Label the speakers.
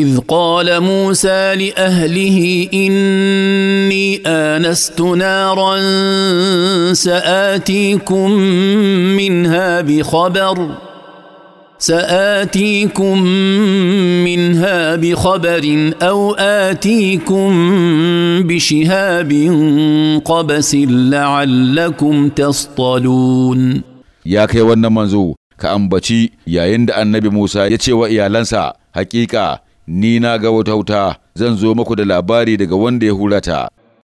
Speaker 1: إذ قال موسى لأهله إني آنست نارا سآتيكم منها بخبر سآتيكم منها بخبر أو آتيكم بشهاب قبس لعلكم تصطلون يا كي
Speaker 2: ونمنزو كأنبتي يا عند النبي موسى يتشي وإيالانسا حقيقة ni na ga wata wuta zan zo muku da labari daga wanda ya hura